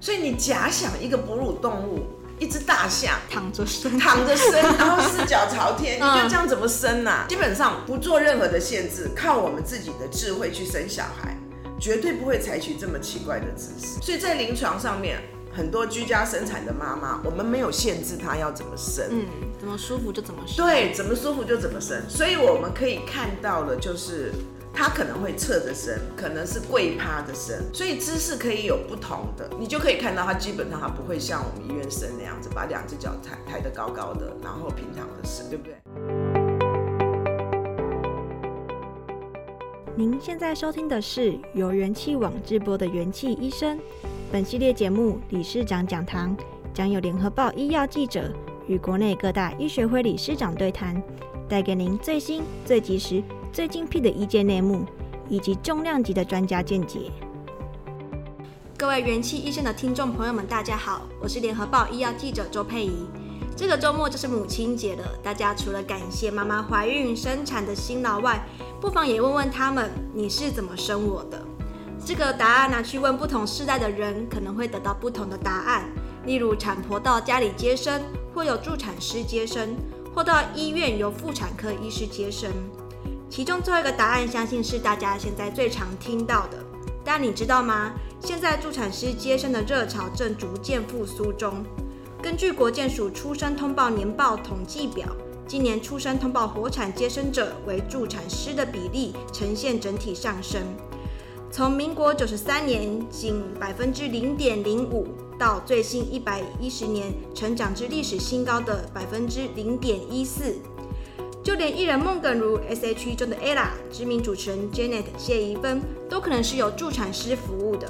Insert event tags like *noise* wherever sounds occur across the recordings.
所以你假想一個哺乳動物，一隻大象躺着生，躺着生，然後四腳朝天， *laughs* 你覺得這樣怎麼生呢、啊嗯？基本上不做任何的限制，靠我們自己的智慧去生小孩，絕對不會採取這麼奇怪的姿勢。所以在臨床上面，很多居家生產的媽媽，我們沒有限制她要怎麼生，嗯，怎麼舒服就怎麼生，對，怎麼舒服就怎麼生。所以我們可以看到的，就是。他可能會側着身，可能是跪趴着身，所以姿勢可以有不同的。你就可以看到，他基本上他不會像我們醫院生那樣子，把兩只腳抬抬得高高的，然後平躺著生，對不對？您現在收聽的是由元氣網直播的元氣醫生。本系列節目理事長講堂，將有聯合報醫藥記者與國內各大醫學會理事長對談，帶給您最新最及時。最精闢的醫界內幕以及重量級的專家見解。各位元氣醫生的聽眾朋友們，大家好，我是聯合報醫藥記者周佩怡。這個周末就是母親節了，大家除了感謝媽媽懷孕生產的辛勞外，不妨也問問他們，你是怎麼生我的？這個答案拿去問不同世代的人，可能會得到不同的答案。例如，產婆到家裡接生，或有助產師接生，或到醫院由婦產科醫師接生。其中最後一個答案，相信是大家現在最常聽到的。但你知道嗎？現在助產師接生的熱潮正逐漸復甦中。根據國健署出生通報年報統計表，今年出生通報活產接生者為助產師的比例呈現整體上升，從民國九十三年僅百分之零點零五，到最新一百一十年成長至歷史新高的百分之零點一四。就連藝人孟耿如、S.H.E 中的 Ella、知名主持人 Janet 謝怡芬，都可能是由助產師服務的。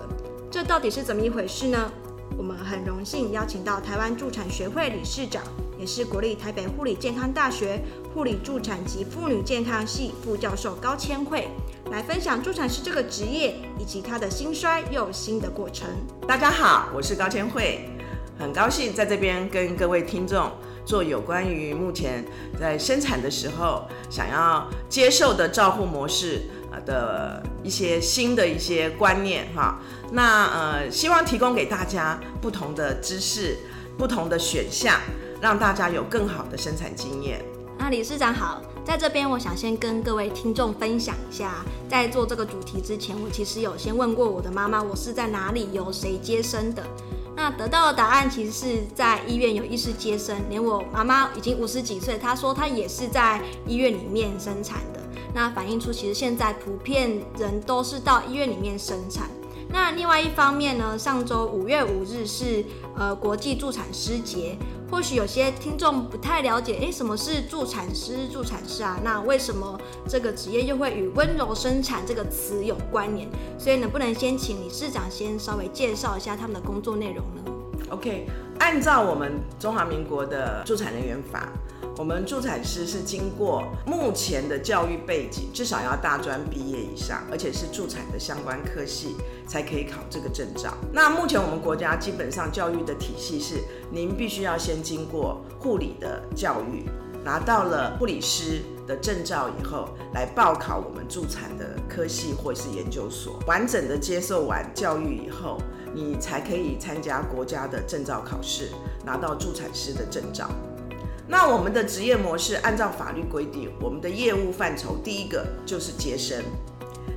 這到底是怎麼一回事呢？我們很榮幸邀請到台灣助產學會理事長，也是國立台北護理健康大學護理助產及婦女健康系副教授高千惠，來分享助產師這個職業以及他的興衰又新的過程。大家好，我是高千惠，很高興在這邊跟各位聽眾。做有關於目前在生產的時候想要接受的照護模式啊的一些新的一些觀念哈，那呃希望提供給大家不同的知識、不同的選項，讓大家有更好的生產經驗。那理事長好，在這邊我想先跟各位聽眾分享一下，在做這個主題之前，我其實有先問過我的媽媽，我是在哪裡由誰接生的。那得到的答案其實是在醫院有醫師接生，連我媽媽已經五十幾歲，她說她也是在醫院裡面生產的。那反映出其實現在普遍人都是到醫院裡面生產的。那另外一方面呢，上週五月五日是呃國際助產師節，或許有些聽眾不太了解，哎、欸，什麼是助產師？助產師啊？那為什麼這個職業又會與“溫柔生產”這個詞有關聯？所以，能不能先請理事長先稍微介紹一下他們的工作內容呢？OK，按照我們中華民國的助產人員法。我們助產師是經過目前的教育背景，至少要大專畢業以上，而且是助產的相關科系，才可以考這個證照。那目前我們國家基本上教育的體系是，您必須要先經過護理的教育，拿到了護理師的證照以後，來報考我們助產的科系或是研究所，完整的接受完教育以後，你才可以參加國家的證照考試，拿到助產師的證照。那我們的執業模式，按照法律規定，我們的業務範疇第一個就是接生，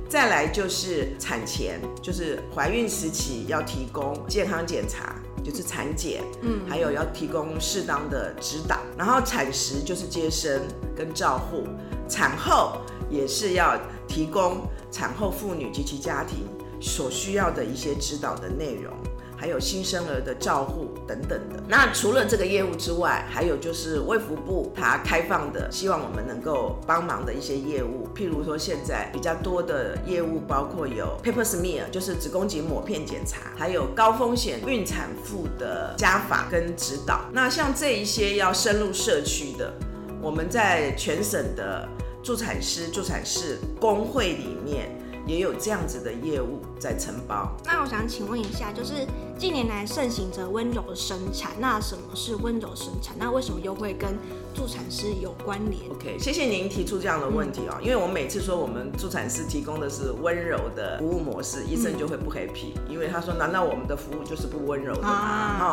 再來就是產前，就是懷孕時期要提供健康檢查，就是產檢，嗯，還有要提供適當的指導，然後產時就是接生跟照護，產後也是要提供產後婦女及其家庭所需要的一些指導的內容。還有新生兒的照護等等的。那除了這個業務之外，還有就是衛福部它開放的，希望我們能夠幫忙的一些業務。譬如說現在比較多的業務，包括有 Pap smear，就是子宮頸抹片檢查，還有高風險孕產婦的家訪跟指導。那像這一些要深入社區的，我們在全省的助產師、助產士公會裡面。也有這樣子的業務在承包。那我想請問一下，就是近年來盛行着溫柔生產，那什麼是溫柔生產？那為什麼又會跟助產師有關聯。OK，謝謝您提出這樣的問題哦、嗯。因為我每次說我們助產師提供的是溫柔的服務模式、嗯，醫生就會不 happy，因為他說難道我們的服務就是不溫柔的嗎？啊哦、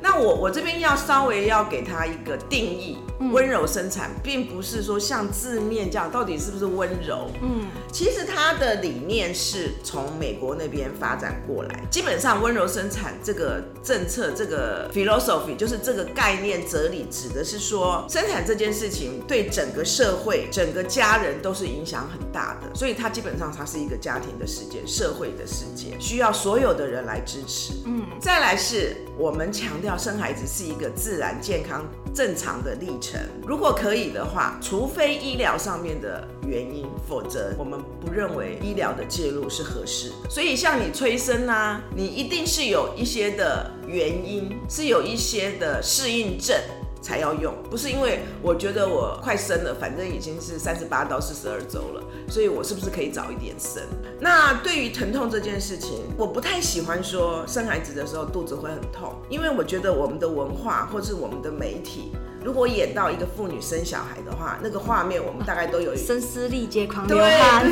那我我這邊要稍微要給他一個定義，溫柔生產、嗯、並不是說像字面這樣，到底是不是溫柔？嗯，其實它的理念是從美國那邊發展過來，基本上溫柔生產這個政策這個 philosophy 就是這個概念哲理指的是說。生產這件事情對整個社會、整個家人都是影響很大的，所以它基本上它是一個家庭的事件、社會的事件，需要所有的人來支持。嗯，再來是我們強調生孩子是一個自然、健康、正常的歷程。如果可以的話，除非醫療上面的原因，否則我們不認為醫療的介入是合適。所以像你催生啊，你一定是有一些的原因，是有一些的適應症。才要用，不是因為我覺得我快生了，反正已經是三十八到四十二周了，所以我是不是可以早一點生？那對於疼痛這件事情，我不太喜歡說生孩子的時候肚子會很痛，因為我覺得我們的文化或者我們的媒體，如果演到一個婦女生小孩的話，那個畫面我們大概都有聲嘶力竭、啊、狂流汗、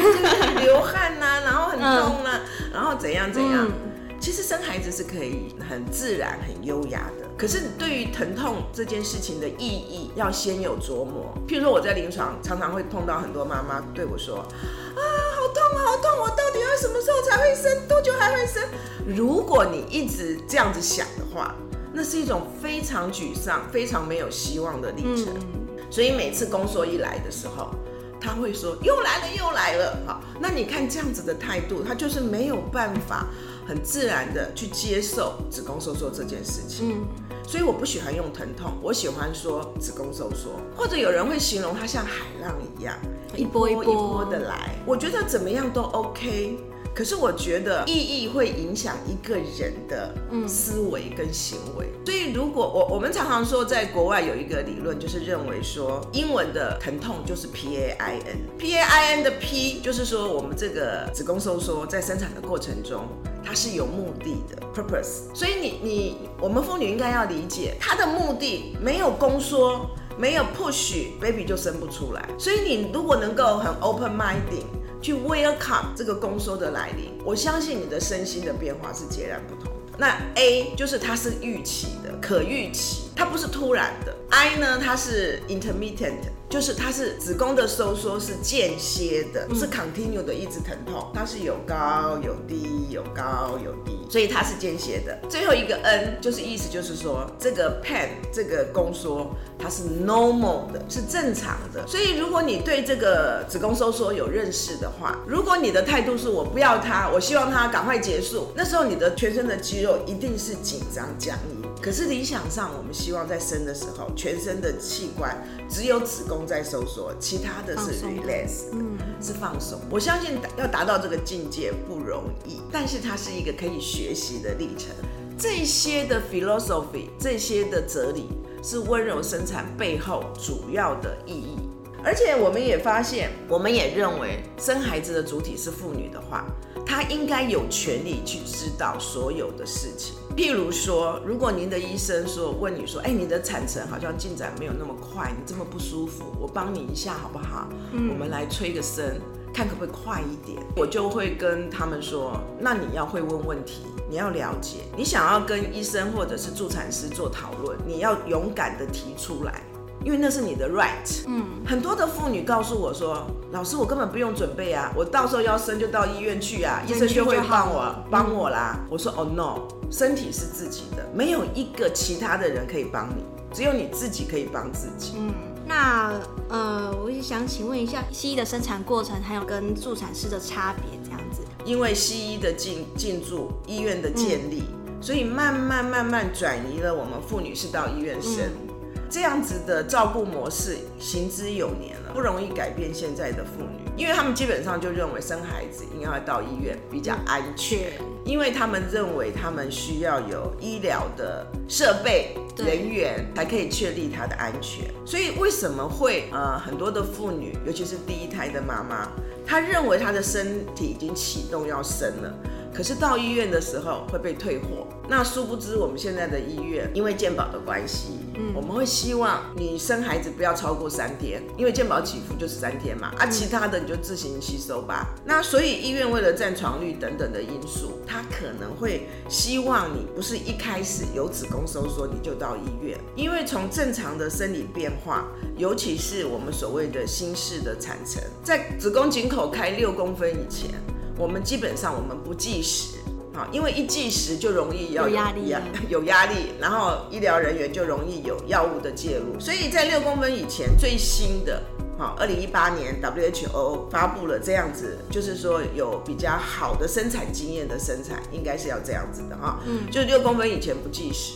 流汗吶、啊， *laughs* 然後很痛啊、嗯，然後怎樣怎樣。嗯其實生孩子是可以很自然、很優雅的。可是對於疼痛這件事情的意義，要先有琢磨。譬如說我在臨床常常會碰到很多媽媽對我說：“啊，好痛，好痛！我到底要什麼時候才會生？多久還會生？”如果你一直這樣子想的話，那是一種非常沮喪、非常沒有希望的歷程。所以每次宮縮一來的時候，她會說：“又來了，又來了！”啊，那你看這樣子的態度，她就是沒有辦法。很自然的去接受子宮收縮這件事情，嗯，所以我不喜歡用疼痛，我喜歡說子宮收縮，或者有人會形容它像海浪一樣一波一波，一波一波的來，我覺得怎麼樣都 OK。可是我覺得意義會影響一個人的嗯，思維跟行為，嗯、所以如果我我們常常說，在國外有一個理論，就是認為說英文的疼痛就是 pain，pain 的 p 就是說我們這個子宮收縮在生產的過程中，它是有目的的 purpose，所以你你我們婦女應該要理解它的目的，沒有宮縮沒有 push baby 就生不出來，所以你如果能夠很 open-minded。去 welcome 這個宮縮的來臨，我相信你的身心的變化是截然不同的。那 A 就是它是預期的，可預期。它不是突然的，I 呢，它是 intermittent，就是它是子宮的收縮是間歇的，嗯、不是 continue 的一直疼痛，它是有高有低，有高有低，所以它是間歇的。最後一個 N 就是意思就是說這個 pain 這個宮縮它是 normal 的，是正常的。所以如果你對這個子宮收縮有認識的話，如果你的態度是我不要它，我希望它趕快結束，那時候你的全身的肌肉一定是緊張僵硬。可是理想上，我們希望在生的時候，全身的器官只有子宮在收縮，其他的是 release，嗯，是放鬆、嗯嗯。我相信要達到這個境界不容易，但是它是一個可以學習的歷程。這些的 philosophy，這些的哲理，是溫柔生產背後主要的意義。而且我們也發現，我們也認為生孩子的主體是婦女的話，她應該有權利去知道所有的事情。譬如說，如果您的醫生說問你說：“哎，你的產程好像進展沒有那麼快，你這麼不舒服，我幫你一下好不好？”我們來催個生，看可不可以快一點。嗯。我就會跟他們說：“那你要會問問題，你要了解，你想要跟醫生或者是助產師做討論，你要勇敢的提出來。”因為那是你的 right，嗯，很多的婦女告訴我說，老師，我根本不用準備啊，我到時候要生就到醫院去啊，醫生就會幫我、嗯、幫我啦。我說哦、oh、no，身體是自己的，沒有一個其他的人可以幫你，只有你自己可以幫自己。嗯，那呃，我也想請問一下，西醫的生產過程還有跟助產師的差別這樣子？因為西醫的進進駐醫院的建立、嗯，所以慢慢慢慢轉移了我們婦女是到醫院生。嗯這樣子的照顧模式行之有年了，不容易改變現在的婦女，因為他們基本上就認為生孩子應該要到醫院比較安全，嗯，因為他們認為他們需要有醫療的設備、人員才可以確立他的安全。所以為什麼會呃很多的婦女，尤其是第一胎的媽媽，她認為她的身體已經啟動要生了，可是到醫院的時候會被退貨。那殊不知我們現在的醫院因為健保的關係。嗯、我們會希望你生孩子不要超過三天，因為健保起伏就是三天嘛，啊，其他的你就自行吸收吧。嗯、那所以醫院為了占床率等等的因素，他可能會希望你不是一開始有子宮收縮你就到醫院，因為從正常的生理變化，尤其是我們所謂的心室的產程，在子宮頸口開六公分以前，我們基本上我們不計時。因為一計時就容易要壓力，有壓力，然後醫療人員就容易有藥物的介入，所以在六公分以前最新的，好，二零一八年 WHO 發布了這樣子，就是說有比較好的生產經驗的生產，應該是要這樣子的啊，嗯，就六公分以前不計時。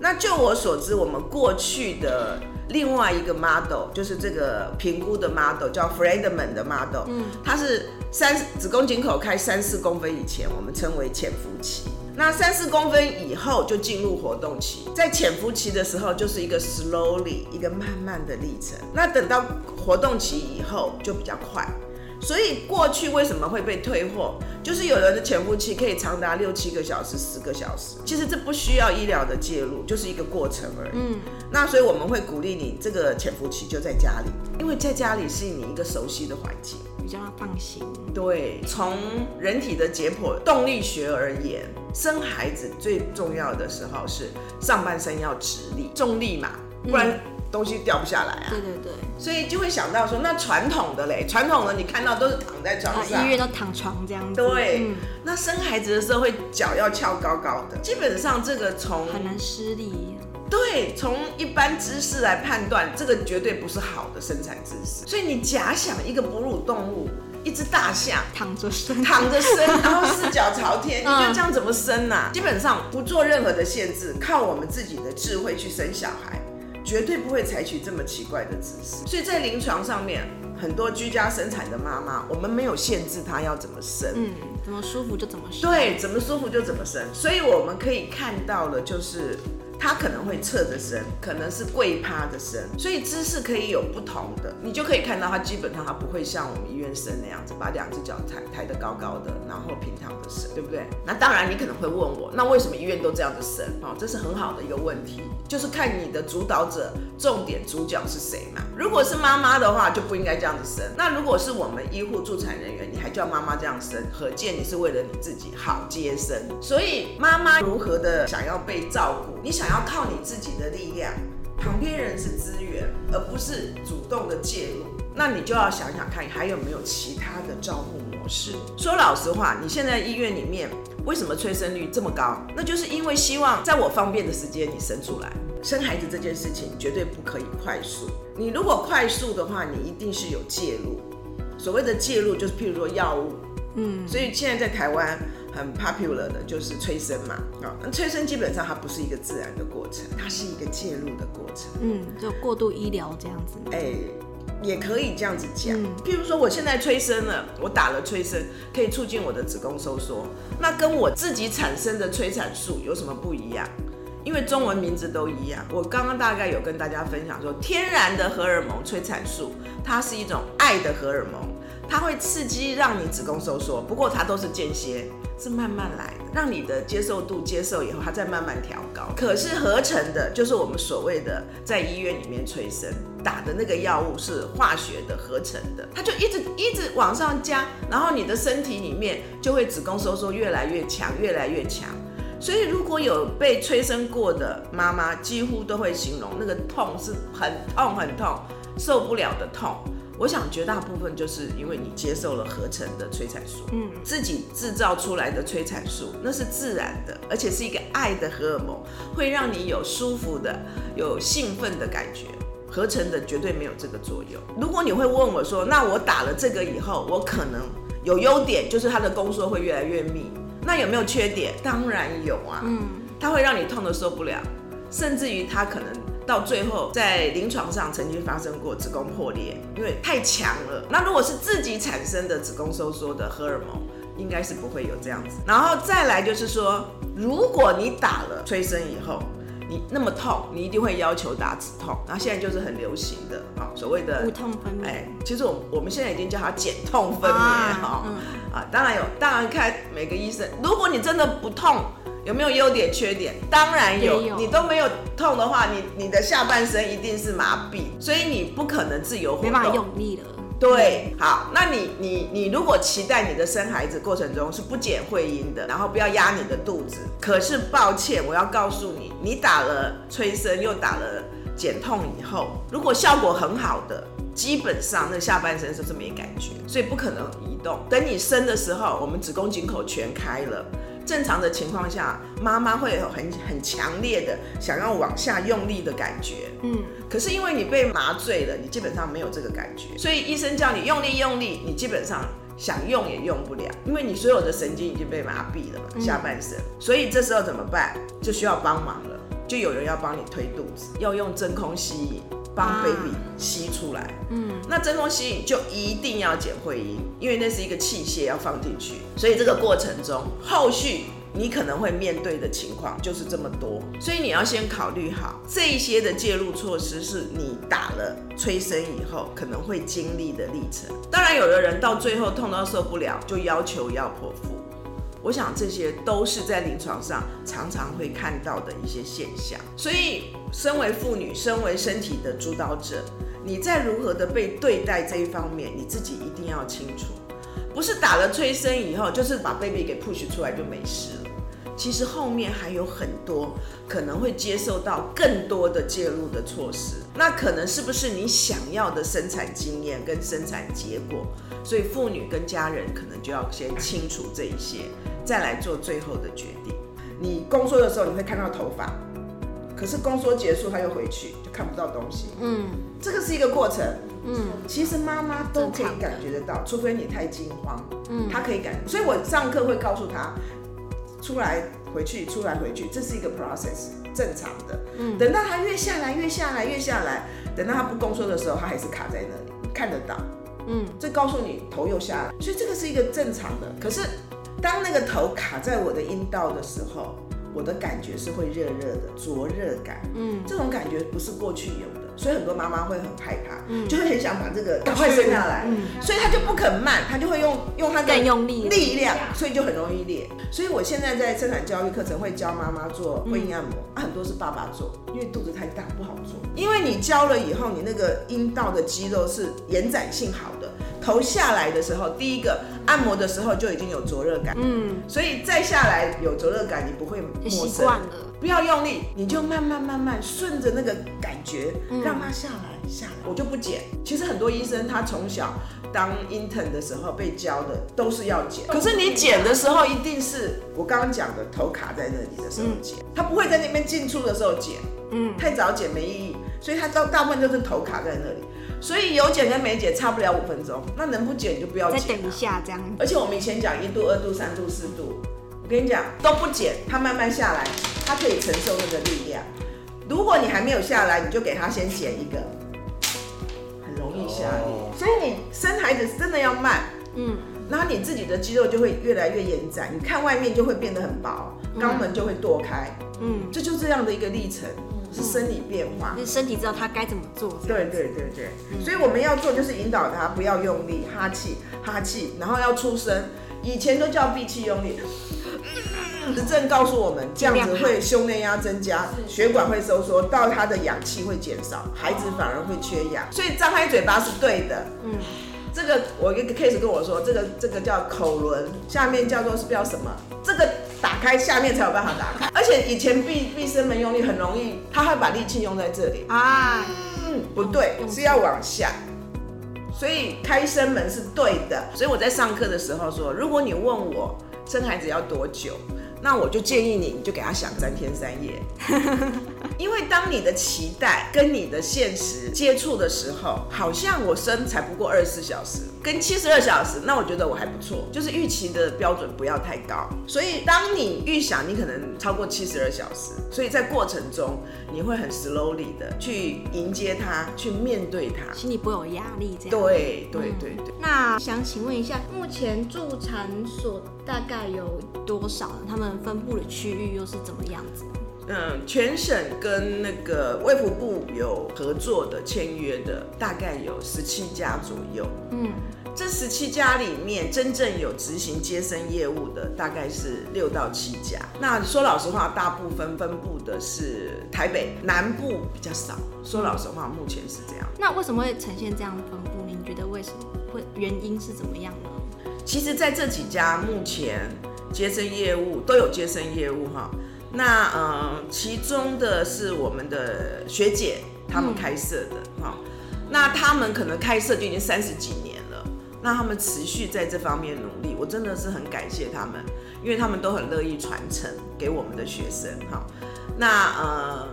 那就我所知，我們過去的。另外一個 model 就是這個評估的 model 叫 Friedman 的 model，嗯，它是三子宮頸口開三四公分以前，我們稱為潛伏期。那三四公分以後就進入活動期，在潛伏期的時候就是一個 slowly，一個慢慢的歷程。那等到活動期以後就比較快。所以過去為什麼會被退貨？就是有人的潛伏期可以長達六七個小時、十個小時。其實這不需要醫療的介入，就是一個過程而已。嗯。那所以我們會鼓勵你，這個潛伏期就在家裡，因為在家裡是你一個熟悉的環境，比較放心。對。從、嗯、人體的解剖動力學而言，生孩子最重要的時候是上半身要直立，重力嘛，不然、嗯。東西掉不下來啊！對對對，所以就會想到說，那傳統的嘞，傳統的你看到都是躺在床上，醫、啊、院都躺床這樣子。對、嗯，那生孩子的時候會腳要翹高高的，基本上這個從很難施力。對，從一般姿勢來判斷，這個絕對不是好的生產姿勢。所以你假想一個哺乳動物，一隻大象躺着生，躺着生，然後四腳朝天， *laughs* 你覺得這樣怎麼生呢？、啊嗯？基本上不做任何的限制，靠我們自己的智慧去生小孩。絕對不會採取這麼奇怪的姿勢，所以在臨床上面，很多居家生產的媽媽，我們沒有限制她要怎麼生，嗯，怎麼舒服就怎麼生，對，怎麼舒服就怎麼生，所以我們可以看到的就是。他可能會側着生，可能是跪趴着生，所以姿勢可以有不同的，你就可以看到他基本上他不會像我們醫院生那樣子，把兩只腳抬抬得高高的，然後平躺着生，對不對？那當然你可能會問我，那為什麼醫院都這樣子生？哦，這是很好的一個問題，就是看你的主導者、重點主角是誰嘛。如果是媽媽的話，就不應該這樣子生。那如果是我們醫護助產人員，你還叫媽媽這樣生，可見你是為了你自己好接生。所以媽媽如何的想要被照顧，你想。想要靠你自己的力量，旁邊人是資源，而不是主動的介入。那你就要想想看，還有沒有其他的照顧模式？說老實話，你現在醫院裡面為什麼催生率這麼高？那就是因為希望在我方便的時間你生出來。生孩子這件事情絕對不可以快速。你如果快速的話，你一定是有介入。所謂的介入，就是譬如說藥物。嗯。所以現在在台灣。很 popular 的就是催生嘛，啊、嗯，那催生基本上它不是一個自然的過程，它是一個介入的過程，嗯，就過度醫療這樣子，哎、欸，也可以這樣子講、嗯。譬如說，我現在催生了，我打了催生，可以促進我的子宮收縮，那跟我自己產生的催產素有什麼不一樣？因為中文名字都一樣。我剛剛大概有跟大家分享說，天然的荷爾蒙催產素，它是一種愛的荷爾蒙。它會刺激讓你子宮收縮，不過它都是間歇，是慢慢來的，讓你的接受度接受以後，它再慢慢調高。可是合成的，就是我們所謂的在醫院裡面催生打的那個藥物，是化學的合成的，它就一直一直往上加，然後你的身體裡面就會子宮收縮越來越強，越來越強。所以如果有被催生過的媽媽，幾乎都會形容那個痛是很痛很痛，受不了的痛。我想，絕大部分就是因為你接受了合成的催產素，嗯，自己制造出來的催產素，那是自然的，而且是一個愛的荷爾蒙，會讓你有舒服的、有興奮的感覺。合成的絕對沒有這個作用。如果你會問我說，那我打了這個以後，我可能有優點，就是它的宮縮會越來越密。那有沒有缺點？當然有啊，嗯，它會讓你痛得受不了，甚至於它可能。到最後，在臨床上曾經發生過子宮破裂，因為太強了。那如果是自己產生的子宮收縮的荷爾蒙，應該是不會有這樣子。然後再來就是說，如果你打了催生以後，你那麼痛，你一定會要求打止痛。那現在就是很流行的，啊，所謂的無痛分娩。欸，其實我我們現在已經叫它減痛分娩哈。啊、嗯，當然有，當然看每個醫生。如果你真的不痛，有沒有優點缺點？當然有,有。你都沒有痛的話，你你的下半身一定是麻痹，所以你不可能自由活動。沒法用力了。對，對好，那你你你如果期待你的生孩子過程中是不剪會陰的，然後不要壓你的肚子，可是抱歉，我要告訴你，你打了催生又打了減痛以後，如果效果很好的，基本上那下半身就是沒感覺，所以不可能移動。等你生的時候，我們子宮頸口全開了。正常的情況下，媽媽會有很很強烈的想要往下用力的感覺。嗯，可是因為你被麻醉了，你基本上沒有這個感覺。所以醫生叫你用力用力，你基本上想用也用不了，因為你所有的神經已經被麻痹了嘛，下半身。嗯。所以這時候怎麼辦？就需要幫忙了，就有人要幫你推肚子，要用真空吸引。幫 baby 吸出來，嗯，那真空吸引就一定要剪會陰，因為那是一個器械要放進去，所以這個過程中後續你可能會面對的情況就是這麼多，所以你要先考慮好這一些的介入措施，是你打了催生以後可能會經歷的歷程。當然，有的人到最後痛到受不了，就要求要剖腹。我想這些都是在臨床上常常會看到的一些現象，所以身為婦女，身為身體的主導者，你在如何的被對待這一方面，你自己一定要清楚，不是打了催生以後就是把 baby 給 push 出來就沒事了。其實後面還有很多可能會接受到更多的介入的措施，那可能是不是你想要的生產經驗跟生產結果？所以婦女跟家人可能就要先清楚這一些，再來做最後的決定。你宮縮的時候你會看到頭髮，可是宮縮結束他又回去，就看不到東西。嗯，這個是一個過程。嗯，其實媽媽都可以感覺得到，除非你太驚慌。嗯，她可以感覺。所以我上課會告訴她。出來回去，出來回去，這是一個 process 正常的。嗯，等到它越下來越下來越下來，等到它不宮縮的時候，它還是卡在那裡，看得到。嗯，這告訴你頭又下來。所以這個是一個正常的。可是當那個頭卡在我的陰道的時候，我的感覺是會熱熱的灼熱感，嗯，這種感覺不是過去有的，所以很多媽媽會很害怕，嗯，就會很想把這個趕快生下來，下來，嗯，所以她就不肯慢，她就會用用她的力量用力，所以就很容易裂。所以我現在在生產教育課程會教媽媽做會陰按摩，嗯啊，很多是爸爸做，因為肚子太大不好做。因為你教了以後，你那個陰道的肌肉是延展性好的，頭下來的時候，第一個。按摩的時候就已經有灼熱感，嗯，所以再下來有灼熱感，你不會陌生，不要用力，你就慢慢慢慢順着那個感覺，嗯，讓它下來下來，我就不剪。其實很多醫生他從小當 intern 的時候被教的都是要剪，可是你剪的時候一定是我剛剛講的頭卡在那裡的時候剪，嗯，他不會在那邊進出的時候剪，嗯，太早剪沒意義，所以他大大部分就是頭卡在那裡。所以有剪跟沒剪差不了五分鐘，那能不剪就不要剪了。再等一下這樣。而且我們以前講一度、二度、三度、四度，我跟你講都不剪，它慢慢下來，它可以承受那個力量。如果你還沒有下來，你就給它先剪一個，很容易下來。所以你生孩子真的要慢，嗯，然後你自己的肌肉就會越來越延展，你看外面就會變得很薄，嗯、肛門就會剁開，嗯，這就是這樣的一個歷程。是生理變化，嗯嗯就是、身體知道它該怎麼做。對對對對、嗯，所以我們要做就是引導他，不要用力，哈氣哈氣，然後要出聲。以前都叫閉氣用力、嗯，實證告訴我們，這樣子會胸內壓增加，血管會收縮，到他的氧氣會減少，孩子反而會缺氧。哦、所以張開嘴巴是對的。嗯，這個我一個 case 跟我說，這個這個叫口輪，下面叫做是叫什麼？這個。開下面才有辦法打開，而且以前閉閉聲門用力很容易，他會把力氣用在這裡啊、嗯，不對，是要往下，所以開聲門是對的。所以我在上課的時候說，如果你問我生孩子要多久，那我就建議你你就給他想三天三夜。 *laughs* 因為當你的期待跟你的現實接觸的時候，好像我生才不過二十四小時，跟七十二小時，那我覺得我還不錯，就是預期的標準不要太高。所以當你預想你可能超過七十二小時，所以在過程中你會很 slowly 的去迎接它，去面對它，心裡不有壓力。這樣對。對對對對、嗯。那想請問一下，目前助產所大概有多少？他們分布的區域又是怎麼樣子？嗯，全省跟那個衛福部有合作的簽約的，大概有十七家左右。嗯，這十七家裡面，真正有執行接生業務的大概是六到七家。那說老實話，大部分分布的是台北，南部比較少。說老實話，目前是這樣。嗯、那為什麼會呈現這樣的分布呢？您覺得為什麼會原因是怎麼樣呢？其實在這幾家目前接生業務都有接生業務哈。那呃，其中的是我們的學姐他們開設的。嗯哦，那他們可能開設就已經三十幾年了，那他們持續在這方面努力，我真的是很感謝他們，因為他們都很樂意傳承給我們的學生哈、哦。那呃，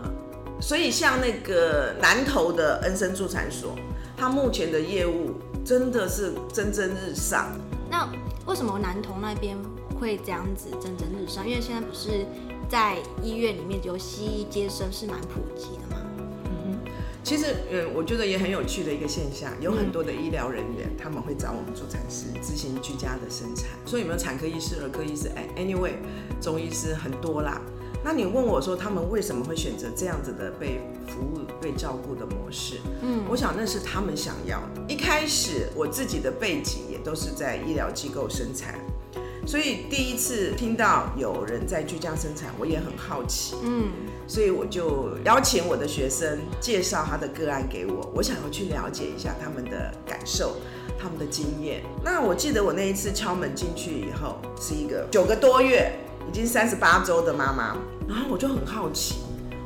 所以像那個南投的恩生助產所，他目前的業務真的是蒸蒸日上。那為什麼南投那邊會這樣子蒸蒸日上？因為現在不是。在醫院裡面，就西醫接生是蠻普及的嘛。嗯，其實，嗯，我覺得也很有趣的一個現象，有很多的醫療人員、嗯、他們會找我們助產師執行居家的生產。所以有沒有產科醫師、兒科醫師？哎，anyway，中醫師很多啦。那你問我說，他們為什麼會選擇這樣子的被服務、被照顧的模式？嗯，我想那是他們想要的。一開始我自己的背景也都是在醫療機構生產。所以第一次聽到有人在居家生產，我也很好奇。嗯，所以我就邀請我的學生介紹他的個案給我，我想要去了解一下他們的感受、他們的經驗。那我記得我那一次敲門進去以後，是一個九個多月、已經三十八周的媽媽，然後我就很好奇，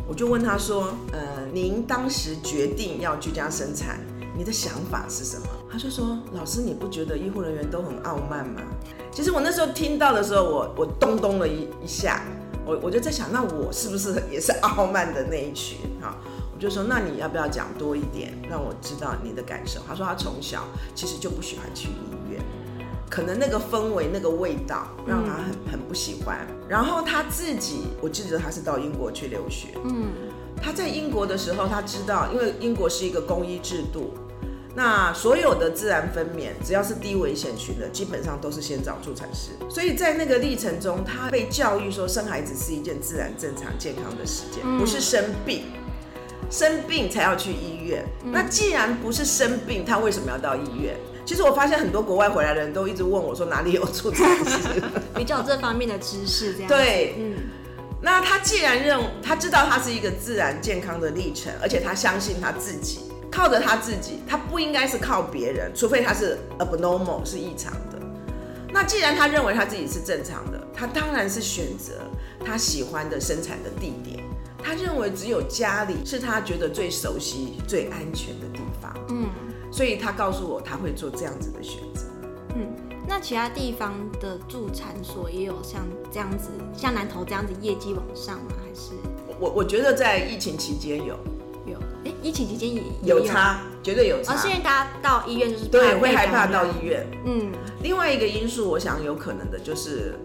我就問他說：“呃，您當時決定要居家生產，你的想法是什麼？”他就說：“老師，你不覺得醫護人員都很傲慢嗎？”其實我那時候聽到的時候，我我咚咚了一一下，我我就在想，那我是不是也是傲慢的那一群啊？我就說：“那你要不要講多一點，讓我知道你的感受？”他說：“他從小其實就不喜歡去醫院，可能那個氛圍、那個味道讓他很、嗯、很不喜歡。然後他自己，我記得他是到英國去留學，嗯，他在英國的時候，他知道，因為英國是一個公醫制度。”那所有的自然分娩，只要是低危險群的，基本上都是先找助產師。所以在那個歷程中，他被教育說，生孩子是一件自然、正常、健康的事件，嗯，不是生病，生病才要去醫院，嗯。那既然不是生病，他為什麼要到醫院？其實我發現很多國外回來的人都一直問我說，哪裡有助產師，比 *laughs* 較這方面的知識。這樣對，嗯，那他既然認，他知道他是一個自然健康的歷程，而且他相信他自己。靠着他自己，他不應該是靠別人，除非他是 abnormal 是異常的。那既然他認為他自己是正常的，他當然是選擇他喜歡的生產的地點。他認為只有家裡是他覺得最熟悉、最安全的地方。嗯，所以他告訴我他會做這樣子的選擇。嗯，那其他地方的助產所也有像這樣子，像南投這樣子業績往上嗎？還是我我覺得在疫情期間有。疫情期間也有差，絕對有差。而現在大家到醫院就是對，會害怕到醫院。嗯，另外一個因素，我想有可能的就是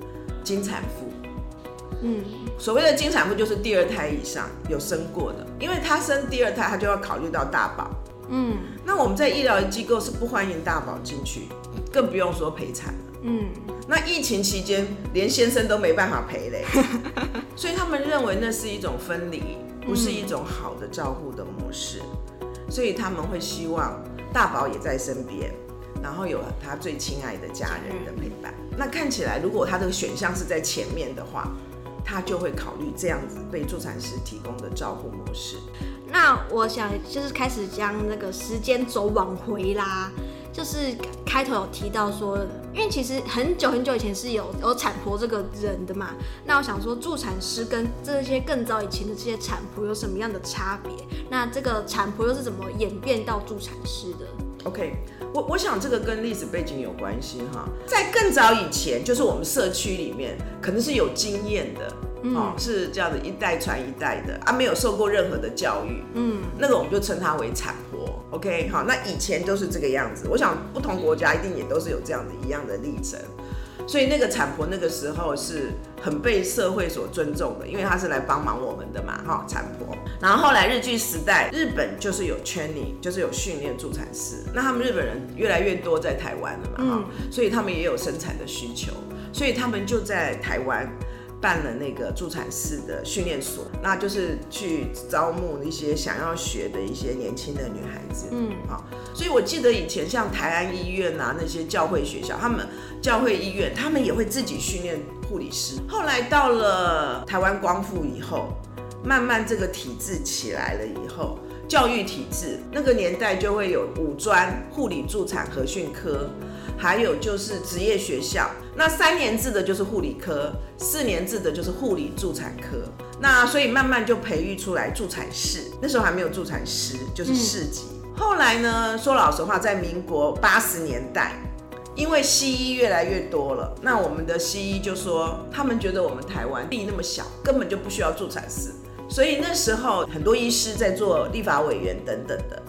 經產婦。嗯，所謂的經產婦就是第二胎以上有生過的，因為她生第二胎，她就要考慮到大寶。嗯，那我們在醫療機構是不歡迎大寶進去，更不用說陪產了。嗯，那疫情期間連先生都沒辦法陪嘞， *laughs* 所以他們認為那是一種分離，不是一種好的照顧的。是，所以他們會希望大寶也在身邊，然後有他最親愛的家人的陪伴。嗯。那看起來，如果他這個選項是在前面的話，他就會考慮這樣子被助產師提供的照顧模式。那我想就是開始將那個時間軸往回啦。就是開頭有提到說，因為其實很久很久以前是有有產婆這個人的嘛。那我想說，助產師跟這些更早以前的這些產婆有什麼樣的差別？那這個產婆又是怎麼演變到助產師的？OK，我我想這個跟歷史背景有關係哈，在更早以前，就是我們社區裡面可能是有經驗的，嗯，是這樣子一代傳一代的啊，沒有受過任何的教育，嗯，那個我們就稱它為產婆，OK，好，那以前都是這個樣子。我想不同國家一定也都是有這樣子一樣的歷程。所以那個產婆那個時候是很被社會所尊重的，因為她是來幫忙我們的嘛，哈，產婆。然後後來日據時代，日本就是有圈，r a n i n g 就是有訓練助產師。那他們日本人越來越多在台灣了嘛、嗯，所以他們也有生產的需求，所以他們就在台灣辦了那個助產士的訓練所，那就是去招募一些想要學的一些年輕的女孩子。嗯，啊，所以我記得以前像台安醫院啊那些教會學校，他們教會醫院，他們也會自己訓練護理師。後來到了台灣光復以後，慢慢這個體制起來了以後，教育體制那個年代就會有五專護理助產合訓科，還有就是職業學校。那三年制的就是護理科，四年制的就是護理助產科。那所以慢慢就培育出來助產士，那時候還沒有助產師，就是士級，嗯。後來呢，說老實話，在民國八十年代，因為西醫越來越多了，那我們的西醫就說，他們覺得我們台灣地那麼小，根本就不需要助產師。所以那時候很多醫師在做立法委員等等的。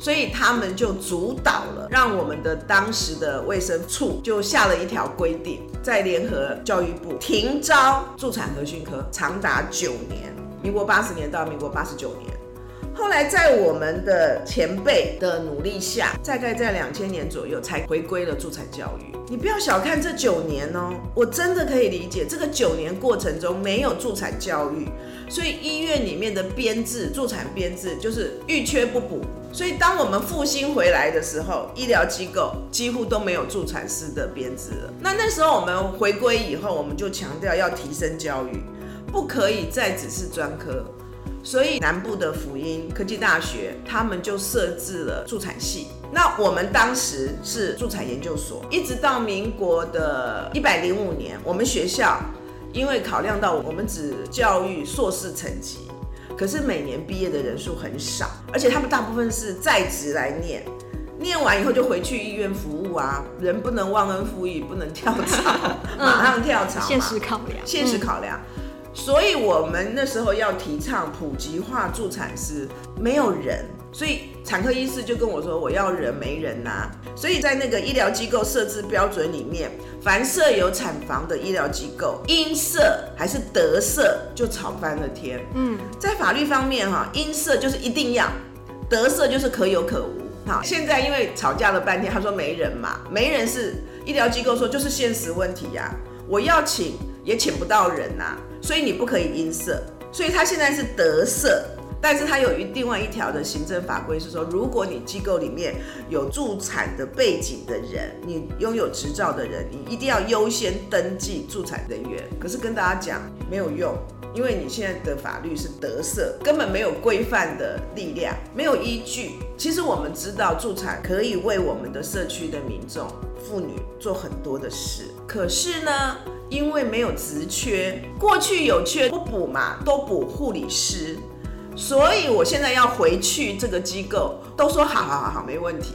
所以他們就主導了，讓我們的當時的衛生處就下了一條規定，在聯合教育部停招助產合訓科長達九年民國八十年到民國八十九年。後來在我們的前輩的努力下，大概在兩千年左右才回歸了助產教育。你不要小看這九年哦、喔，我真的可以理解這個九年過程中沒有助產教育，所以醫院裡面的編制助產編制就是遇缺不補。所以當我們復興回來的時候，醫療機構幾乎都沒有助產師的編制了。那那時候我們回歸以後，我們就強調要提升教育，不可以再只是專科。所以南部的輔英科技大學，他們就設置了助產系。那我們當時是助產研究所，一直到民國的一百零五年，我們學校因為考量到我們只教育碩士成績，可是每年畢業的人數很少，而且他們大部分是在職來唸，唸完以後就回去醫院服務啊，人不能忘恩負義，不能跳槽， *laughs* 嗯、馬上跳槽，現實考量，現實考量。所以我們那時候要提倡普及化助產師，沒有人，所以產科醫師就跟我說，我要人沒人吶、啊。所以在那個醫療機構設置標準裡面，凡設有產房的醫療機構，應設還是得設，就吵翻了天。嗯，在法律方面哈，應設就是一定要，得設就是可有可無。哈，現在因為吵架了半天，他說沒人嘛，沒人是醫療機構說，就是現實問題呀、啊，我要請也請不到人吶、啊。所以你不可以因色，所以他現在是得設，但是他有一另外一條的行政法規是說，如果你機構裡面有助產的背景的人，你擁有執照的人，你一定要優先登記助產人員。可是跟大家講沒有用，因為你現在的法律是得設，根本沒有規範的力量，沒有依據。其實我們知道助產可以為我們的社區的民眾婦女做很多的事。可是呢，因為沒有職缺，過去有缺不補嘛，都補護理師，所以我現在要回去這個機構，都說好好好好，沒問題。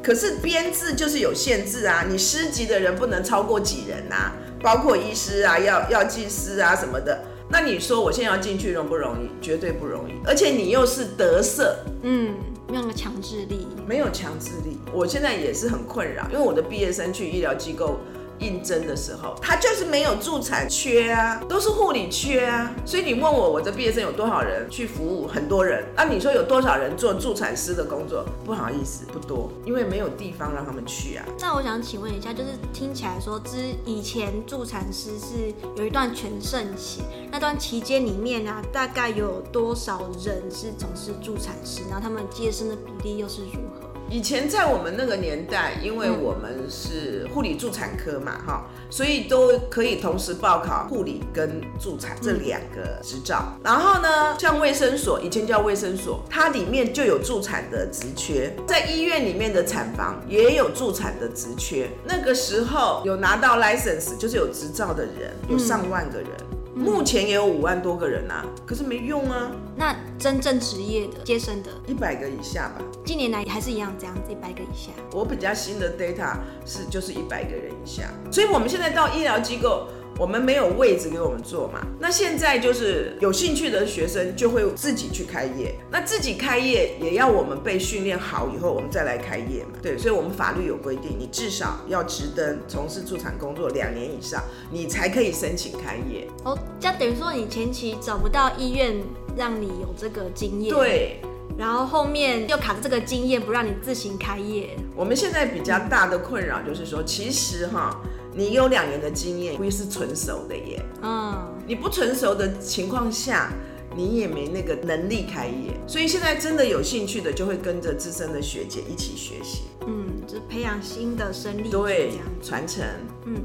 可是編制就是有限制啊，你師級的人不能超過幾人啊，包括醫師啊、藥藥劑師啊什麼的。那你說我現在要進去容不容易？絕對不容易。而且你又是得色，嗯，沒有強制力，沒有強制力。我現在也是很困擾，因為我的畢業生去醫療機構，應徵的時候，他就是沒有助產缺啊，都是護理缺啊。所以你問我，我這畢業生有多少人去服務？很多人。那、啊、你說有多少人做助產師的工作？不好意思，不多，因為沒有地方讓他們去啊。那我想請問一下，就是聽起來說之以前助產師是有一段全盛期，那段期間裡面呢、啊，大概有多少人是從事助產師？然後他們接生的比例又是如何？以前在我們那個年代，因為我們是護理助產科嘛，哈、嗯，所以都可以同時報考護理跟助產這兩個執照、嗯。然後呢，像衛生所，以前叫衛生所，它裡面就有助產的職缺，在醫院裡面的產房也有助產的職缺。那個時候有拿到 license，就是有執照的人，有上萬個人。嗯目前也有五萬多個人吶、啊，可是沒用啊。那真正職業的接生的，一百個以下吧。近年來也還是一樣這樣子，一百個以下。我比較新的 data 是就是一百個人以下，所以我們現在到醫療機構。我們沒有位置給我們做嘛？那現在就是有興趣的學生就會自己去開業。那自己開業也要我們被訓練好以後，我們再來開業嘛？對，所以我們法律有規定，你至少要執登從事助產工作兩年以上，你才可以申請開業。哦，就等於說你前期找不到醫院讓你有這個經驗，對。然後後面又卡着這個經驗不讓你自行開業。我們現在比較大的困擾就是說，其實哈。你有兩年的經驗，因為是成熟的耶。嗯，你不成熟的情況下，你也沒那個能力開業。所以現在真的有興趣的，就會跟着資深的學姐一起學習。嗯，就是培養新的生力，對，傳承。嗯，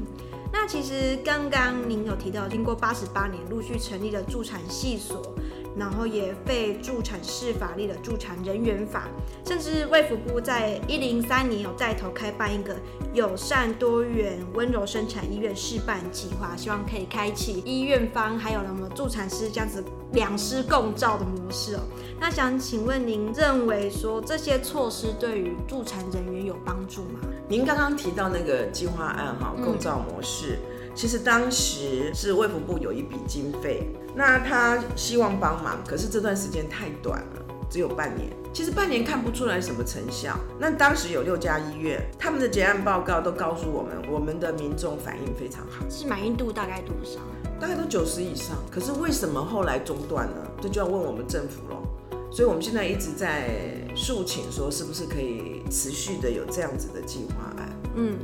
那其實剛剛您有提到，經過八十八年陸續成立了助產系所，然後也廢助產士法例的助產人員法，甚至衛福部在一零三年有帶頭開辦一個友善多元溫柔生產醫院試辦計劃，希望可以開啟醫院方還有什麼助產師這樣子兩師共照的模式、哦。那想請問您認為說這些措施對於助產人員有幫助嗎？您剛剛提到那個計劃案哈，共照模式、嗯，其實當時是衛福部有一筆經費。那他希望幫忙，可是這段時間太短了，只有半年。其實半年看不出來什麼成效。那當時有六家醫院，他們的結案報告都告訴我們，我們的民眾反應非常好，是滿意度大概多少？大概都九十以上。可是為什麼後來中斷呢？這就，就要問我們政府囉。所以我們現在一直在訴請說，是不是可以持續的有這樣子的計劃？嗯，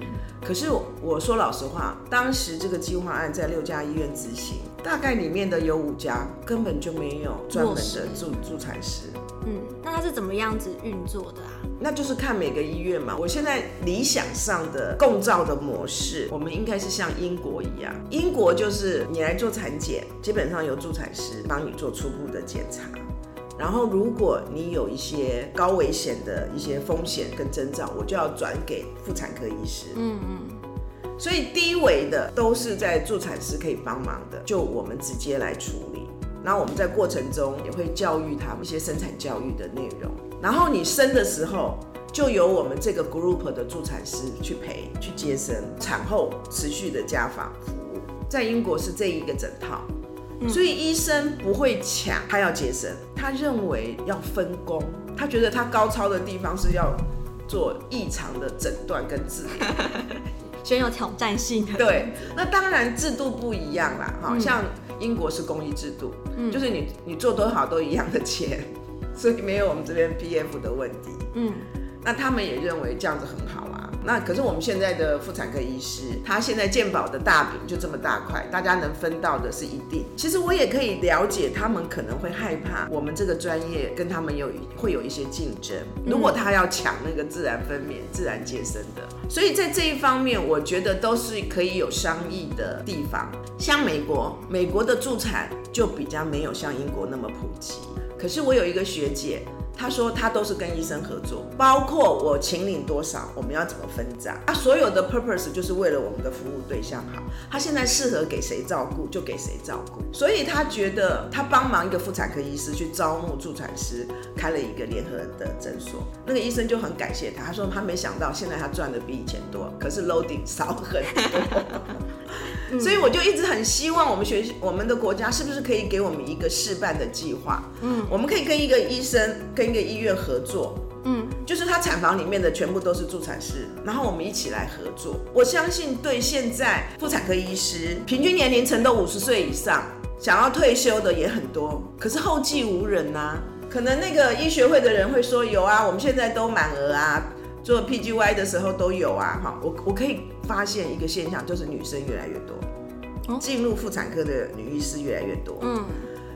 可是我，我說老實話，當時這個計劃案在六家醫院執行，大概裡面的有五家根本就沒有專門的助助產師。嗯，那他是怎麼樣子運作的啊？那就是看每個醫院嘛。我現在理想上的共照的模式，我們應該是像英國一樣，英國就是你來做產檢，基本上由助產師幫你做初步的檢查。然後，如果你有一些高危險的一些風險跟徵兆，我就要轉給婦產科醫師。嗯嗯。所以低危的都是在助產師可以幫忙的，就我們直接來處理。然後我們在過程中也會教育他們一些生產教育的內容。然後你生的時候，就由我們這個 group 的助產師去陪去接生，產後持續的家訪服務，在英國是這一個整套。所以醫生不會搶，他要節省。他認為要分工，他覺得他高超的地方是要做異常的診斷跟治療，先 *laughs* 有挑戰性。對，那當然制度不一樣啦，好、哦嗯、像英國是公醫制度，就是你你做多少都一樣的錢，所以沒有我們這邊 PF 的問題，嗯，那他們也認為這樣子很好啊。那可是我們現在的婦產科醫師，他現在健保的大餅就這麼大塊，大家能分到的是一定。其實我也可以了解，他們可能會害怕我們這個專業跟他們有會有一些競爭。如果他要搶那個自然分娩、嗯、自然接生的，所以在這一方面，我覺得都是可以有商議的地方。像美國，美國的助產就比較沒有像英國那麼普及。可是我有一個學姐。他說他都是跟醫生合作，包括我請領多少，我們要怎麼分賬。他所有的 purpose 就是為了我們的服務對象好。他現在適合給誰照顧就給誰照顧，所以他覺得他幫忙一個婦產科醫師去招募助產師，開了一個聯合的診所。那個醫生就很感謝他，他說他沒想到現在他賺的比以前多，可是 loading 少很多。 *laughs* 所以我就一直很希望我們學習我們的國家是不是可以給我們一個試辦的計劃？嗯，我們可以跟一個醫生跟一個醫院合作，嗯，就是他產房裡面的全部都是助產師，然後我們一起來合作。我相信對現在婦產科醫師平均年齡層都五十歲以上，想要退休的也很多，可是後繼無人吶、啊。可能那個醫學會的人會說有啊，我們現在都滿額啊。做 PGY 的時候都有啊，哈，我我可以發現一個現象，就是女生越來越多，進入婦產科的女醫師越來越多。嗯，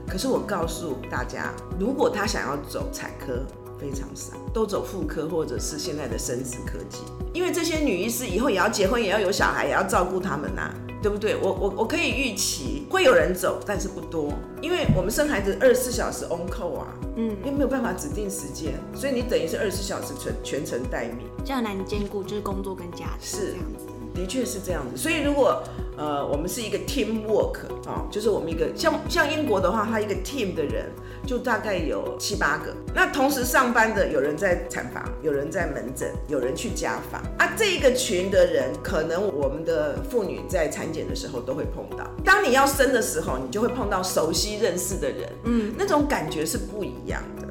可是我告訴大家，如果她想要走產科，非常少，都走婦科或者是現在的生殖科技，因為這些女醫師以後也要結婚，也要有小孩，也要照顧他們吶啊。對不對？我我我可以預期會有人走，但是不多，因為我們生孩子二十四小時 on call 啊，嗯，又沒有辦法指定時間，所以你等於是二十四小時全全程待命，這樣難兼顧就是工作跟家庭。是、嗯，的確是這樣子。所以如果呃，我們是一個 team work 啊、哦，就是我們一個像、嗯、像英國的話，他一個 team 的人。就大概有七八個，那同時上班的，有人在產房，有人在門診，有人去家訪啊。這一個群的人，可能我們的婦女在產檢的時候都會碰到。當你要生的時候，你就會碰到熟悉認識的人，嗯，那種感覺是不一樣的。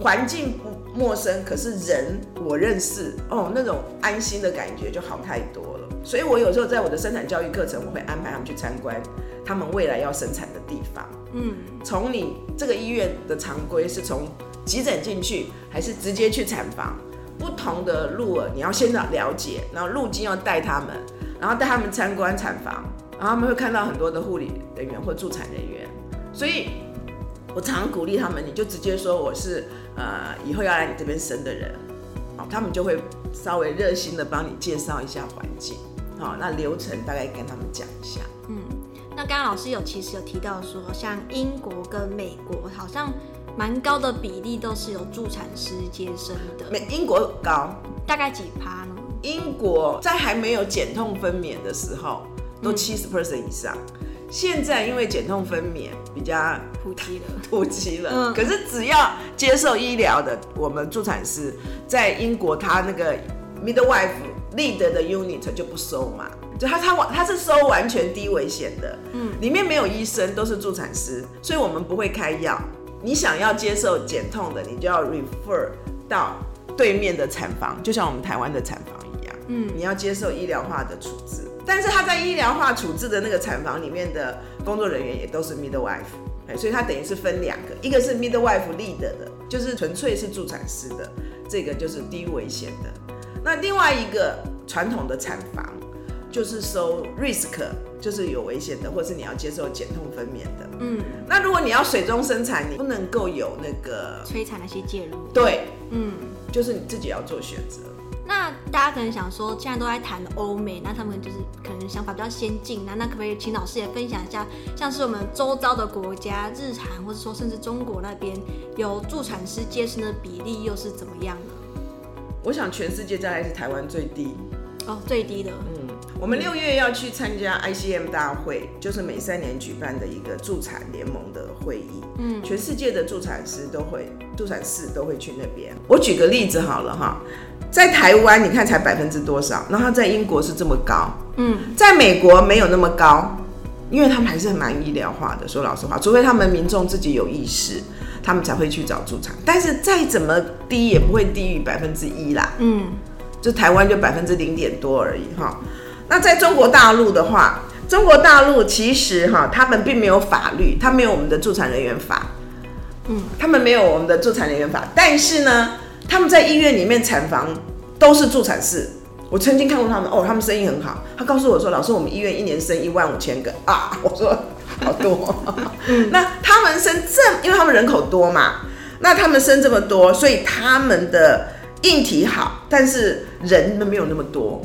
環境不陌生，可是人我認識，哦，那種安心的感覺就好太多了。所以，我有時候在我的生產教育課程，我會安排他們去參觀他們未來要生產的地方。嗯，從你這個醫院的常規是從急診進去，還是直接去產房？不同的路你要先了了解，然後路徑要帶他們，然後帶他們參觀產房，然後他們會看到很多的護理人員或助產人員。所以我常常鼓勵他們，你就直接說我是呃以後要來你這邊生的人，好，他們就會稍微熱心的幫你介紹一下環境。好，那流程大概跟他們講一下。嗯，那剛剛老師有其實有提到說，像英國跟美國好像蠻高的比例都是有助產師接生的。美英國高？大概幾趴呢？英國在還沒有減痛分娩的時候都七十 percent 以上。嗯，現在因為減痛分娩比較普及了，普及了。嗯。可是只要接受醫療的，我們助產師在英國他那個 midwife。led 的 unit 就不收嘛，就他他他是收完全低危險的，嗯，裡面沒有醫生，都是助產師，所以我們不會開藥。你想要接受減痛的，你就要 refer 到對面的產房，就像我們台灣的產房一樣，嗯，你要接受醫療化的處置。但是他在醫療化處置的那個產房裡面的工作人員也都是 midwife。哎，所以他等於是分兩個，一個是 midwife led 的，就是純粹是助產師的，這個就是低危險的。那另外一個傳統的產房，就是說 risk，就是有危險的，或是你要接受減痛分娩的。嗯，那如果你要水中生產，你不能夠有那個催產那些介入。對，嗯，就是你自己要做選擇。嗯。那大家可能想說，既然都在談歐美，那他們就是可能想法比較先進。那那可不可以請老師也分享一下，像是我們周遭的國家，日韓，或者說甚至中國那邊，有助產師接生的比例又是怎麼樣呢？我想全世界再來是台灣最低。哦，最低的。嗯，我們六月要去參加 ICM 大會，就是每三年舉辦的一個助產聯盟的會議。嗯，全世界的助產師都會、助產士都會去那邊。我舉個例子好了哈，在台灣你看才百分之多少，然後在英國是這麼高，嗯，在美國沒有那麼高，因為他們還是很蠻醫療化的。說老實話，除非他們民眾自己有意識。他們才會去找助產，但是再怎麼低也不會低於百分之一啦。嗯，就台灣就百分之零點多而已哈。那在中國大陸的話，中國大陸其實哈，他們並沒有法律，他沒有我們的助產人員法。嗯，他們沒有我們的助產人員法，但是呢，他們在醫院裡面產房都是助產士。我曾經看過他們哦，他們生意很好。他告訴我說：“老師，我們醫院一年生一萬五千個啊。”我說。好多，哦！ *laughs* 嗯、 *laughs* 那他們生這，因為他們人口多嘛，那他們生這麼多，所以他們的硬體好，但是人沒有那麼多。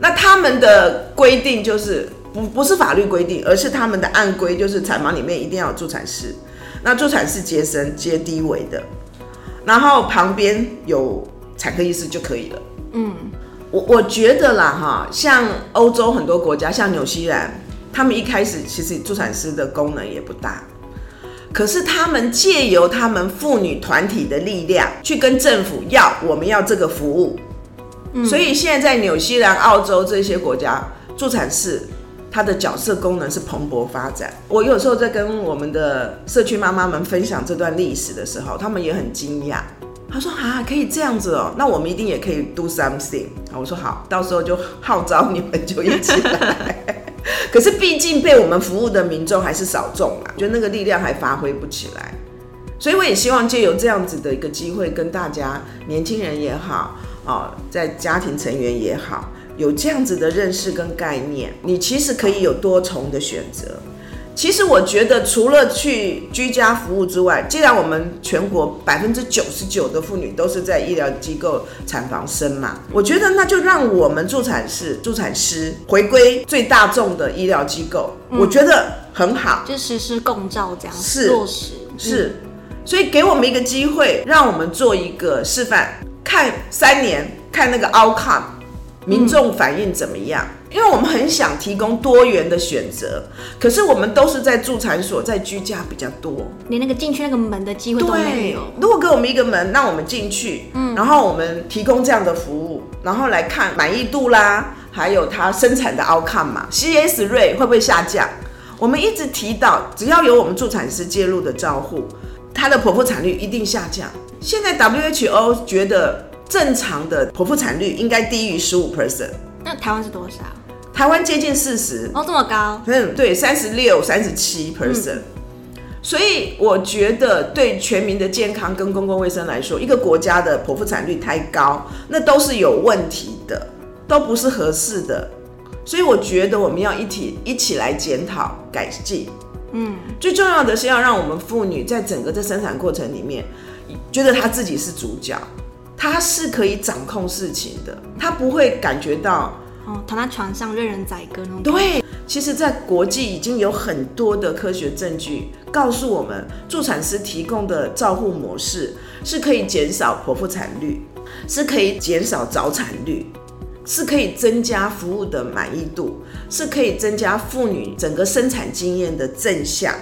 那他們的規定就是不不是法律規定，而是他們的按規，就是產房裡面一定要有助產士，那助產士接生接低危的，然後旁邊有產科醫師就可以了。嗯，我我覺得啦哈，像歐洲很多國家，像紐西蘭。他們一開始其實助產師的功能也不大，可是他們借由他們婦女團體的力量去跟政府要，我們要這個服務。嗯。所以現在在紐西蘭、澳洲這些國家，助產士他的角色功能是蓬勃發展。我有時候在跟我們的社區媽媽們分享這段歷史的時候，她們也很驚訝，她說：“啊，可以這樣子哦，那我們一定也可以 do something。”我說好，到時候就號召你們就一起來。 *laughs* 可是，畢竟被我們服務的民眾還是少眾嘛，就那個力量還發揮不起來，所以我也希望借由這樣子的一個機會，跟大家年輕人也好，哦，在家庭成員也好，有這樣子的認識跟概念，你其實可以有多重的選擇。其實我覺得，除了去居家服務之外，既然我們全國百分之九十九的婦女都是在醫療機構產房生嘛，我覺得那就讓我們助產士、助產師回歸最大眾的醫療機構，嗯、我覺得很好，就實施共照這樣，是落實、嗯、是，所以給我們一個機會，讓我們做一個示範，看三年看那個 outcome，民眾反應怎麼樣？嗯因為我們很想提供多元的選擇，可是我們都是在助產所，在居家比較多，連那個進去那個門的機會都沒有對。如果給我們一個門，那我們進去，嗯，然後我們提供這樣的服務，然後來看滿意度啦，還有它生產的 outcome 嘛，CS rate 會不會下降？我們一直提到，只要有我們助產師介入的照顧，它的剖腹產率一定下降。現在 WHO 覺得正常的剖腹產率應該低於十五 percent，那台灣是多少？台灣接近四十哦，這麼高？嗯，對，三十六、三十七 percent。所以我覺得，對全民的健康跟公共衛生來說，一個國家的剖腹產率太高，那都是有問題的，都不是合適的。所以我覺得我們要一起一起來檢討改進。嗯，最重要的是要讓我們婦女在整個的生產過程裡面，覺得她自己是主角，她是可以掌控事情的，她不會感覺到。哦，躺在床上任人宰割那種。對，其實，在國際已經有很多的科學證據告訴我們，助產師提供的照護模式是可以減少剖腹產率，是可以減少早產率，是可以增加服務的滿意度，是可以增加婦女整個生產經驗的正向。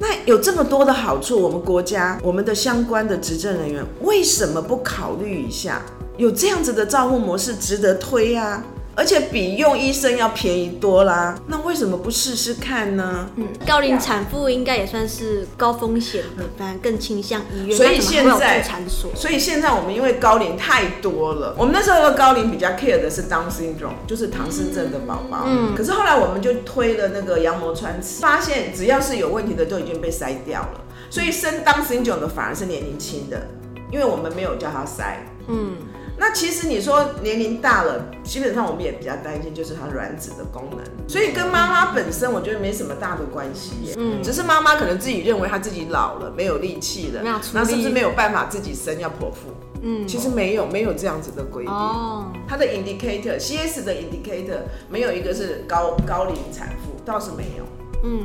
那有這麼多的好處，我們國家我們的相關的執政人員為什麼不考慮一下？有這樣子的照護模式值得推呀、啊？而且比用醫生要便宜多啦，那為什麼不試試看呢？嗯，高齡產婦應該也算是高風險的，嗯、反而更傾向醫院。所以現在所，所以現在我們因為高齡太多了，我們那時候的高齡比較 care 的是 Down Syndrome，就是唐氏症的寶寶。嗯，可是後來我們就推了那個羊膜穿刺，發現只要是有問題的都已經被篩掉了，所以生 Down Syndrome 的反而是年齡輕的，因為我們沒有叫他篩。嗯。那其實你說年齡大了，基本上我們也比較擔心，就是它卵子的功能，所以跟媽媽本身我覺得沒什麼大的關係。嗯，只是媽媽可能自己認為她自己老了，沒有力氣了，那是不是沒有辦法自己生要剖腹？嗯，其實沒有、哦、沒有這樣子的規定。哦，它的 indicator CS 的 indicator 沒有一個是高高齡產婦，倒是沒有。嗯，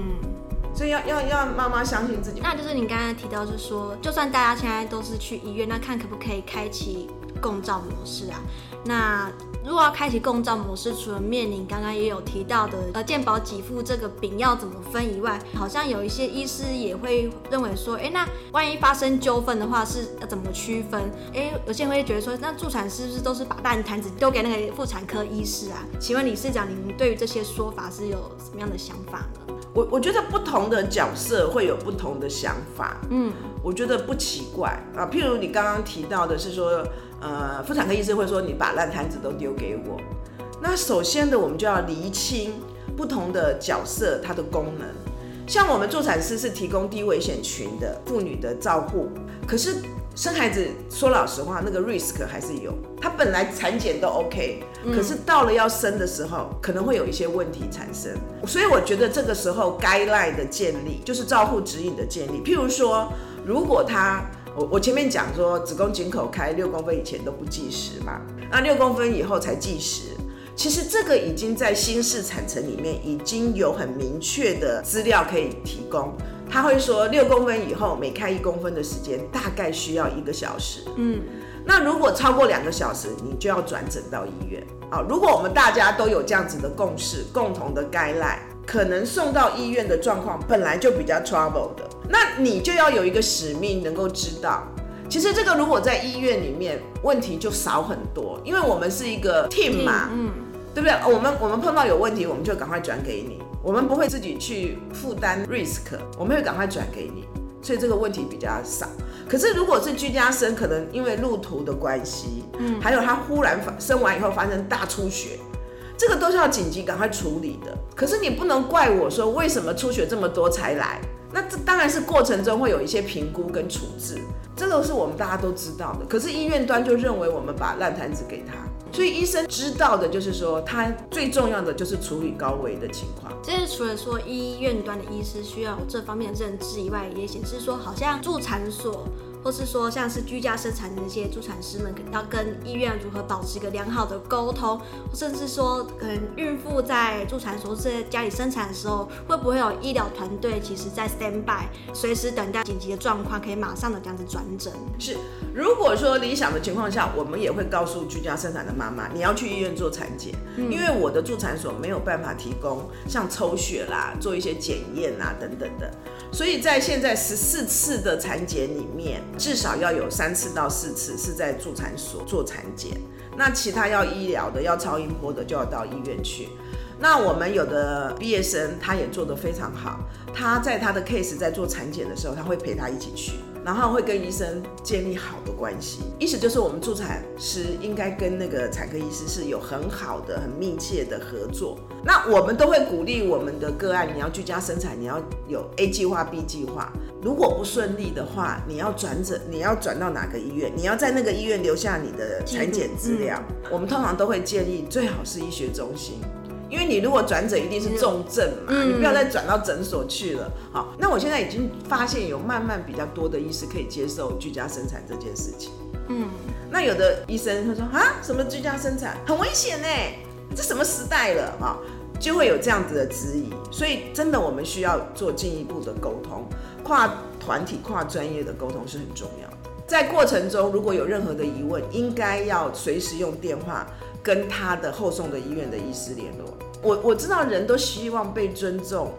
所以要要要媽媽相信自己。那就是你剛才提到，是說就算大家現在都是去醫院，那看可不可以開啟。共照模式啊，那如果要開啟共照模式，除了面臨剛剛也有提到的呃，健保給付這個餅要怎麼分以外，好像有一些醫師也會認為說，哎、欸，那萬一發生糾紛的話，是要怎麼區分？哎、欸，有些人會覺得說，那助產師是不是都是把爛攤子丟給那個婦產科醫師啊？請問理事長，您對於這些說法是有什麼樣的想法呢？我我覺得不同的角色會有不同的想法，嗯，我覺得不奇怪啊。譬如你剛剛提到的是說，呃，婦產科醫師會說，你把爛攤子都丟給我。那首先的，我們就要釐清不同的角色它的功能。像我們助產師是提供低危險群的婦女的照顧，可是生孩子說老實話，那個 risk 還是有。他本來產檢都 OK，可是到了要生的時候，嗯，可能會有一些問題產生。所以我覺得這個時候該 u 的建立，就是照顧指引的建立。譬如說，如果他我前面講說子宮頸口開六公分以前都不計時嘛，那六公分以後才計時。其實這個已經在新式產程裡面已經有很明確的資料可以提供。他會說六公分以後每開一公分的時間大概需要一個小時。嗯，那如果超過兩個小時，你就要轉診到醫院啊、哦。如果我們大家都有這樣子的共識，共同的 guideline，可能送到醫院的狀況本來就比較 trouble 的。那你就要有一個使命，能夠知道，其實這個如果在醫院裡面，問題就少很多，因為我們是一個 team 嘛，嗯，嗯，對不對？哦，我們我們碰到有問題，我們就趕快轉給你，我們不會自己去負擔 risk，我們會趕快轉給你，所以這個問題比較少。可是如果是居家生，可能因為路途的關係，嗯，還有他忽然生完以後發生大出血，這個都是要緊急趕快處理的。可是你不能怪我說為什麼出血這麼多才來。那這當然是過程中會有一些評估跟處置，這個都是我們大家都知道的。可是醫院端就認為我們把爛攤子給他，所以醫生知道的就是說，他最重要的就是處理高危的情況。其實除了說醫院端的醫師需要這方面的認知以外，也顯示說好像助產所。或是說，像是居家生產的那些助產師們，要跟醫院如何保持一個良好的溝通，甚至說，嗯，孕婦在助產所，在家裡生產的時候，會不會有醫療團隊，其實在 stand by，隨時等待緊急的狀況，可以馬上的這樣子轉診。是，如果說理想的情況下，我們也會告訴居家生產的媽媽，你要去醫院做產檢，嗯。因為我的助產所沒有辦法提供像抽血啦，做一些檢驗啦，等等的。所以在現在十四次的產檢裡面。至少要有三次到四次是在助產所做產檢，那其他要醫療的，要超音波的就要到醫院去。那我們有的畢業生，他也做得非常好，他在他的 case 在做產檢的時候，他會陪他一起去。然後會跟醫生建立好的關係，意思就是我們助產師應該跟那個產科醫師是有很好的、很密切的合作。那我們都會鼓勵我們的個案，你要居家生產，你要有 A 計劃、B 計劃。如果不順利的話，你要轉診，你要轉到哪個醫院？你要在那個醫院留下你的產檢資料。嗯嗯、我們通常都會建議，最好是醫學中心。因為你如果轉診一定是重症嘛，嗯、你不要再轉到診所去了。好，那我現在已經發現有慢慢比較多的醫師可以接受居家生產這件事情。嗯，那有的醫生他說啊，什麼居家生產很危險欸？這什麼時代了啊？就會有這樣子的質疑。所以真的我們需要做進一步的溝通，跨團體、跨專業的溝通是很重要的。在過程中如果有任何的疑問，應該要隨時用電話跟他的後送的醫院的醫師聯絡，我我知道人都希望被尊重，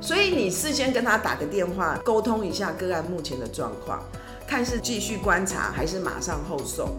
所以你事先跟他打個電話溝通一下個案目前的狀況，看是繼續觀察還是馬上後送。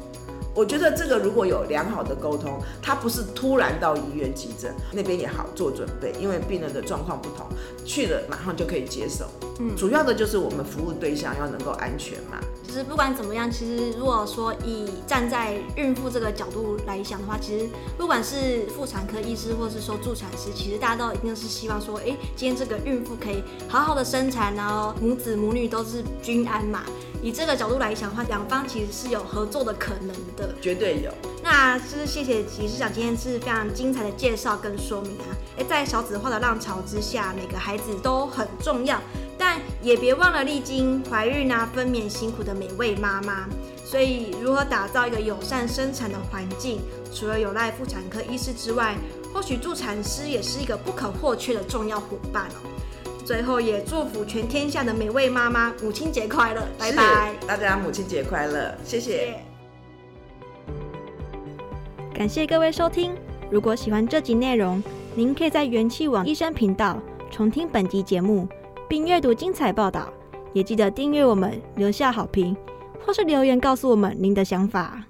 我覺得這個如果有良好的溝通，他不是突然到醫院急診，那邊也好做準備，因為病人的狀況不同，去了馬上就可以接受。嗯，主要的就是我們服務對象要能夠安全嘛。不管怎麼樣，其實如果說以站在孕婦這個角度來講的話，其實不管是婦產科醫師或是說助產師，其實大家都一定是希望說，哎，今天這個孕婦可以好好的生產，然後母子母女都是均安嘛。以這個角度來講的話，兩方其實是有合作的可能的，絕對有。那真是，是謝謝理事長今天是非常精彩的介紹跟說明啊！哎，在少子化的浪潮之下，每個孩子都很重要。但也別忘了歷經懷孕啊，分娩辛苦的每位媽媽，所以如何打造一個友善生產的環境，除了有賴婦產科醫師之外，或許助產師也是一個不可或缺的重要夥伴喔。最後也祝福全天下的每位媽媽母親節快樂，拜拜！大家母親節快樂，嗯，謝謝。感謝各位收聽，如果喜歡這集內容，您可以在元氣網醫生頻道重聽本集節目。並閱讀精彩報道，也記得訂閱我們，留下好評，或是留言告訴我們您的想法。